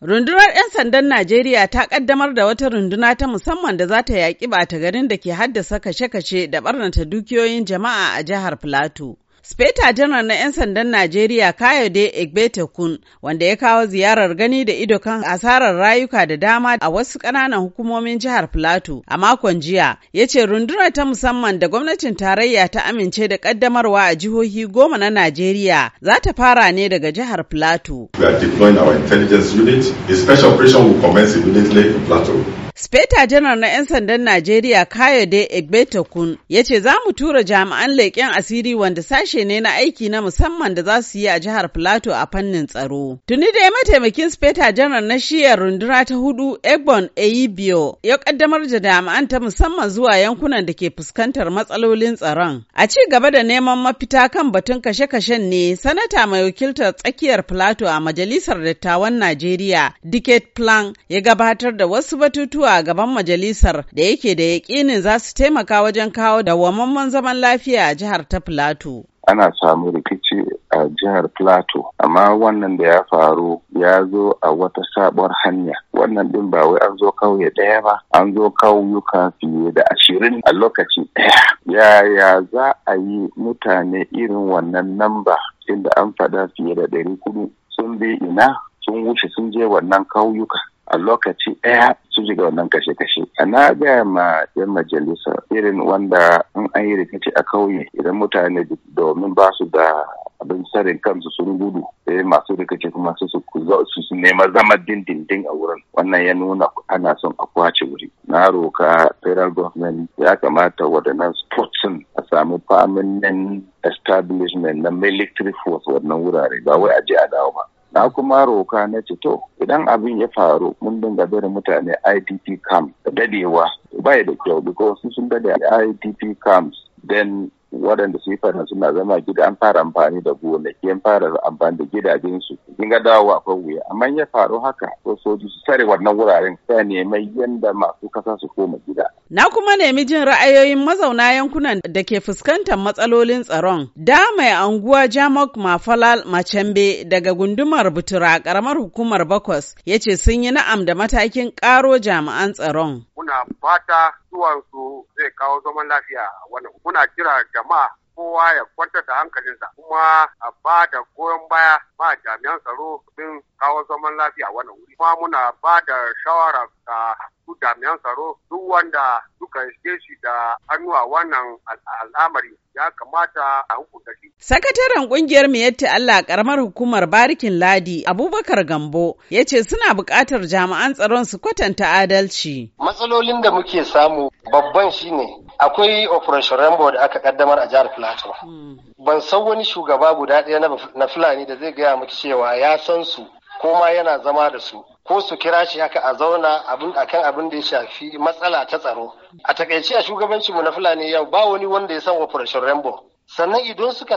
Rundunar 'yan sandan Najeriya ta kaddamar da wata runduna ta musamman da za ta yaƙi ɓata garin da ke haddasa kashe-kashe da ɓarnata dukiyoyin jama'a a jihar Filato. Speta janar na 'yan sandan Najeriya Kayode Egbetekun wanda ya kawo ziyarar gani da ido kan asarar rayuka da dama a wasu ƙananan hukumomin jihar Filato a makon jiya ya ce rundunar ta musamman da gwamnatin tarayya ta amince da ƙaddamarwa a jihohi goma na Najeriya za ta fara ne daga jihar Filato. We are deploying our intelligence unit. a special operation will commence immediately in Plateau. Speta janar na 'yan sandan Najeriya Kayode Egbetokun ya ce za mu tura jami'an leƙen asiri wanda sashe ne na aiki na musamman da za su yi a jihar Filato a fannin tsaro. Tuni dai mataimakin Speta janar na shiyar runduna ta hudu Egbon Eyibio ya kaddamar da jami'an ta musamman zuwa yankunan da ke fuskantar matsalolin tsaron. A ci gaba da neman mafita kan batun kashe-kashen ne sanata mai wakiltar tsakiyar Filato a majalisar dattawan Najeriya Diket Plan ya gabatar da wasu batutuwa a gaban majalisar da yake da yakinin za su taimaka wajen kawo da wamamman zaman lafiya a jihar ta Filato. ana samu rikici a jihar Filato, amma wannan da ya faru ya zo a wata sabuwar hanya wannan ɗin ba wai an zo kauye ɗaya ba an zo kauyuka fiye da ashirin a lokaci ɗaya yaya za a yi mutane irin wannan namba inda an faɗa fiye da ɗari kudu sun bi ina sun wuce sun je wannan kauyuka a lokaci ɗaya su shiga wannan kashe-kashe. A Na gaya ma 'yan majalisa irin wanda in an yi rikici a kauye idan mutane domin ba su da abin sarin kansu sun gudu sai masu rikici kuma su su nema zama dindindin a wurin wannan ya nuna ana son a kwace wuri na roka federal government ya kamata waɗannan sports a samu permanent establishment na military force wannan wurare ba wai a je a dawo ba na kuma roka na ce to idan abin ya faru mun dinga barin mutane i.t.p camp da dadewa bai da kyau because sun dade IDP camps then waɗanda su yi fara suna zama gida an fara amfani da gonaki an fara amfani da gidajensu kin ga dawowa akwai wuya amma ya faru haka ko soji su tsare wannan wuraren sai neman yanda masu kasa su koma gida Na kuma nemi jin ra'ayoyin mazauna yankunan da ke fuskantar matsalolin tsaron. Da mai anguwa Jamok Mafalal Machembe daga gundumar Butura karamar hukumar Bakwas ya ce sun yi na'am da matakin ƙaro jami'an tsaron. Muna fata zuwansu zai kawo zaman lafiya wannan. Muna kira jama'a kowa ya kwantar da hankalinsa kuma a ba da goyon baya ma jami'an tsaro din kawo zaman lafiya wannan wuri kuma muna ba da shawara ga su jami'an tsaro duk wanda suka shige shi da hannu a wannan al'amari ya kamata a hukunta shi. Sakataren kungiyar Miyatti Allah karamar hukumar Barikin Ladi Abubakar Gambo ya ce suna buƙatar jami'an tsaron su kwatanta adalci. Matsalolin da muke samu babban shine akwai operation rambo da aka kaddamar a jihar plateau hmm. ban san wani shugaba guda ɗaya na fulani da zai gaya miki cewa ya san su ko ma yana zama da su ko su kira shi haka a zauna a kan abin da ya shafi matsala ta tsaro a takaice a shugabanci mu na fulani yau ba wani wanda ya san operation rambo sannan idan suka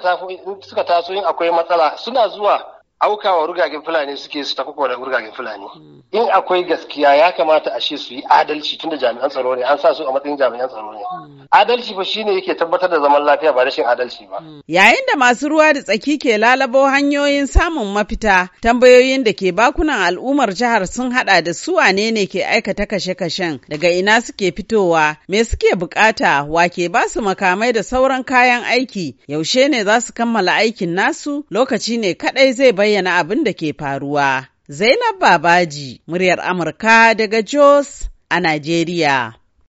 taso yin akwai matsala suna zuwa aukawa rugagen fulani suke su tafi da rugagen fulani hmm. in akwai gaskiya ya kamata a shi su yi adalci tunda jami'an tsaro ne an sa su a matsayin jami'an tsaro ne hmm. adalci ba shine yake tabbatar da zaman lafiya ba rashin adalci ba hmm. yayin da masu ruwa da tsaki ke lalabo hanyoyin samun mafita tambayoyin da ke bakunan al'ummar jihar sun hada da su wane ne ke aikata kashe-kashen daga ina suke fitowa me suke bukata wake ke ba su makamai da sauran kayan aiki yaushe ne za su kammala aikin nasu lokaci ne kadai zai bayyana abin da ke faruwa Zainab Babaji, muryar Amurka daga Jos a Najeriya.